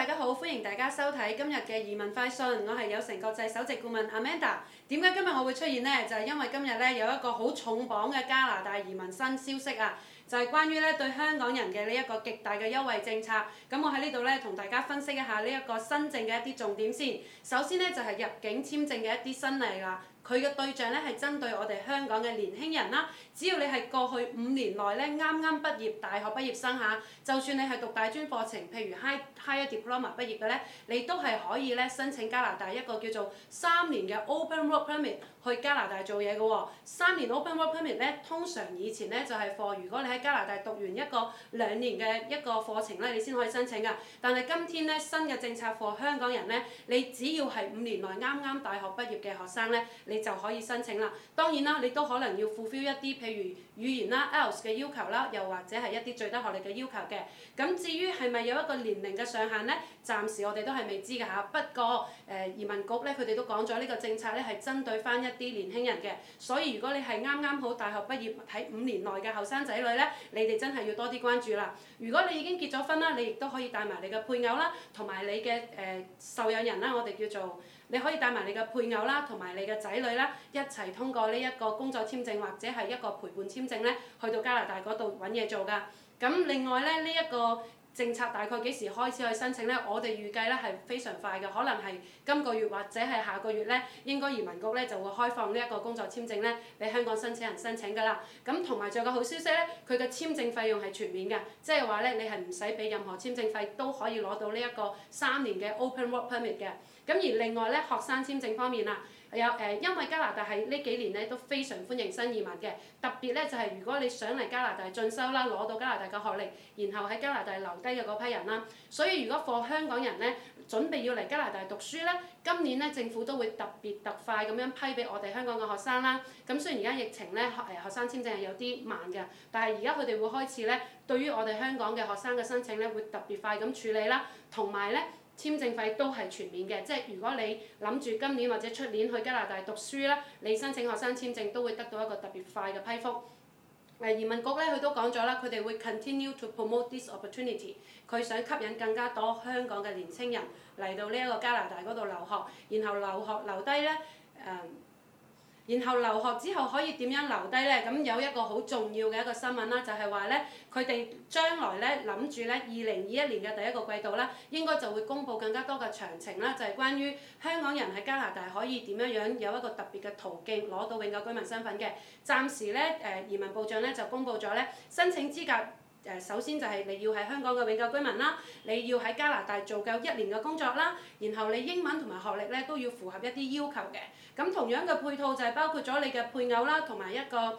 大家好，歡迎大家收睇今日嘅移民快訊。我係友誠國際首席顧問 Amanda。點解今日我會出現呢？就係因為今日咧有一個好重磅嘅加拿大移民新消息啊！就係關於咧對香港人嘅呢一個極大嘅優惠政策。咁我喺呢度咧同大家分析一下呢一個新政嘅一啲重點先。首先咧就係入境簽證嘅一啲新例啦。佢嘅對象咧係針對我哋香港嘅年輕人啦，只要你係過去五年內咧啱啱畢業大學畢業生嚇，就算你係讀大專課程，譬如 high higher diploma 畢業嘅咧，你都係可以咧申請加拿大一個叫做三年嘅 open work permit 去加拿大做嘢嘅喎。三年 open work permit 咧，通常以前咧就係 for，如果你喺加拿大讀完一個兩年嘅一個課程咧，你先可以申請嘅。但係今天咧新嘅政策 for，香港人咧，你只要係五年內啱啱大學畢業嘅學生咧，你。就可以申請啦。當然啦，你都可能要 fulfill 一啲，譬如語言啦、else 嘅要求啦，又或者係一啲最低學歷嘅要求嘅。咁至於係咪有一個年齡嘅上限呢？暫時我哋都係未知㗎嚇。不過誒、呃，移民局咧佢哋都講咗呢個政策咧係針對翻一啲年輕人嘅。所以如果你係啱啱好大學畢業喺五年內嘅後生仔女咧，你哋真係要多啲關注啦。如果你已經結咗婚啦，你亦都可以帶埋你嘅配偶啦，同埋你嘅誒、呃、受養人啦，我哋叫做。你可以帶埋你嘅配偶啦，同埋你嘅仔女啦，一齊通過呢一個工作簽證或者係一個陪伴簽證咧，去到加拿大嗰度揾嘢做噶。咁另外咧，呢一個。政策大概幾時開始去申請呢？我哋預計呢係非常快嘅，可能係今個月或者係下個月呢，應該移民局呢就會開放呢一個工作簽證呢，俾香港申請人申請㗎啦。咁同埋仲有個好消息呢，佢嘅簽證費用係全免嘅，即係話呢，你係唔使俾任何簽證費都可以攞到呢一個三年嘅 Open Work Permit 嘅。咁而另外呢，學生簽證方面啊。有誒，因為加拿大係呢幾年咧都非常歡迎新移民嘅，特別咧就係如果你想嚟加拿大進修啦，攞到加拿大嘅學歷，然後喺加拿大留低嘅嗰批人啦，所以如果放香港人咧準備要嚟加拿大讀書咧，今年咧政府都會特別特快咁樣批俾我哋香港嘅學生啦。咁雖然而家疫情咧誒學生簽證係有啲慢嘅，但係而家佢哋會開始咧對於我哋香港嘅學生嘅申請咧會特別快咁處理啦，同埋咧。簽證費都係全免嘅，即係如果你諗住今年或者出年去加拿大讀書啦，你申請學生簽證都會得到一個特別快嘅批覆。誒、呃，移民局咧佢都講咗啦，佢哋會 continue to promote this opportunity，佢想吸引更加多香港嘅年輕人嚟到呢一個加拿大嗰度留學，然後留學留低咧誒。呃然後留學之後可以點樣留低呢？咁有一個好重要嘅一個新聞啦，就係話咧，佢哋將來咧諗住咧，二零二一年嘅第一個季度啦，應該就會公布更加多嘅詳情啦，就係關於香港人喺加拿大可以點樣樣有一個特別嘅途徑攞到永久居民身份嘅。暫時咧，誒移民部長咧就公布咗咧，申請資格。誒首先就係你要喺香港嘅永久居民啦，你要喺加拿大做夠一年嘅工作啦，然後你英文同埋學歷咧都要符合一啲要求嘅。咁同樣嘅配套就係包括咗你嘅配偶啦，同埋一個誒，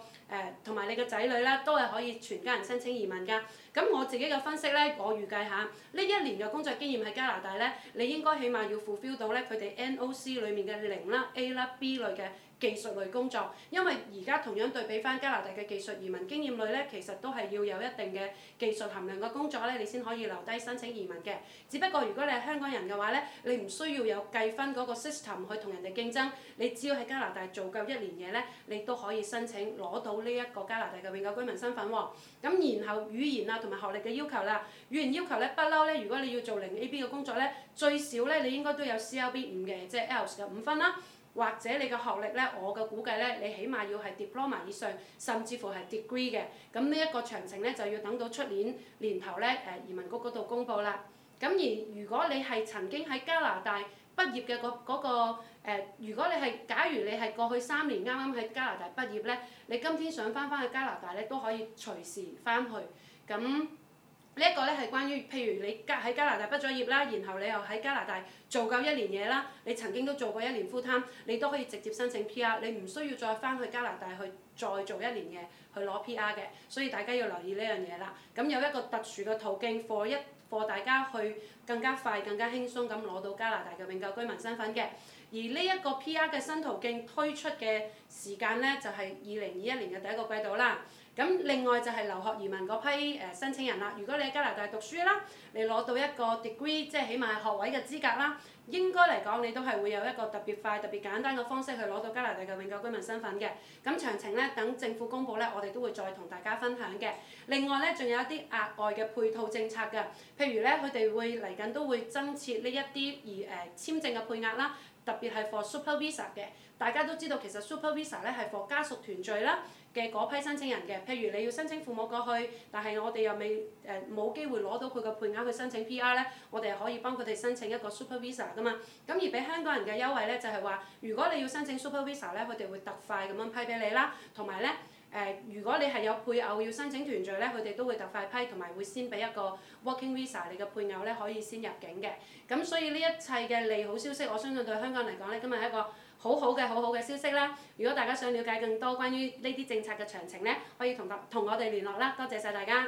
同、呃、埋你嘅仔女啦，都係可以全家人申請移民噶。咁我自己嘅分析咧，我預計下呢一年嘅工作經驗喺加拿大咧，你應該起碼要 fulfill 到咧佢哋 NOC 裡面嘅零啦 A 啦 B 類嘅。技術類工作，因為而家同樣對比翻加拿大嘅技術移民經驗類咧，其實都係要有一定嘅技術含量嘅工作咧，你先可以留低申請移民嘅。只不過如果你係香港人嘅話咧，你唔需要有計分嗰個 system 去同人哋競爭，你只要喺加拿大做夠一年嘢咧，你都可以申請攞到呢一個加拿大嘅永久居民身份喎。咁然後語言啊同埋學歷嘅要求啦，語言要求咧，不嬲咧，如果你要做零 A B 嘅工作咧，最少咧，你應該都有 C L B 五嘅，即係 L S 嘅五分啦。或者你嘅學歷呢，我嘅估計呢，你起碼要係 diploma 以上，甚至乎係 degree 嘅。咁呢一個詳情呢，就要等到出年年頭呢，誒移民局嗰度公佈啦。咁而如果你係曾經喺加拿大畢業嘅嗰嗰個、呃、如果你係假如你係過去三年啱啱喺加拿大畢業呢，你今天想返返去加拿大呢，都可以隨時返去，咁。呢一個咧係關於，譬如你加喺加拿大畢咗業啦，然後你又喺加拿大做夠一年嘢啦，你曾經都做過一年 full time，你都可以直接申請 PR，你唔需要再返去加拿大去再做一年嘢去攞 PR 嘅，所以大家要留意呢樣嘢啦。咁有一個特殊嘅途徑，可一可大家去更加快、更加輕鬆咁攞到加拿大嘅永久居民身份嘅。而呢一個 PR 嘅新途徑推出嘅時間咧，就係二零二一年嘅第一個季度啦。咁另外就係留學移民嗰批誒申請人啦，如果你喺加拿大讀書啦，你攞到一個 degree，即係起碼係學位嘅資格啦，應該嚟講你都係會有一個特別快、特別簡單嘅方式去攞到加拿大嘅永久居民身份嘅。咁詳情咧，等政府公佈咧，我哋都會再同大家分享嘅。另外咧，仲有一啲額外嘅配套政策嘅，譬如咧，佢哋會嚟緊都會增設呢一啲而誒、呃、簽證嘅配額啦，特別係 for super visa 嘅。大家都知道其實 super visa 咧係 for 家屬團聚啦。嘅嗰批申請人嘅，譬如你要申請父母過去，但係我哋又未誒冇機會攞到佢嘅配額去申請 PR 咧，我哋係可以幫佢哋申請一個 super visa 噶嘛，咁而俾香港人嘅優惠咧就係話，如果你要申請 super visa 咧，佢哋會特快咁樣批俾你啦，同埋咧。誒、呃，如果你係有配偶要申請團聚咧，佢哋都會特快批，同埋會先俾一個 working visa，你嘅配偶咧可以先入境嘅。咁所以呢一切嘅利好消息，我相信對香港嚟講咧，今日係一個好好嘅、好好嘅消息啦。如果大家想了解更多關於呢啲政策嘅詳情咧，可以同同我哋聯絡啦。多謝晒大家。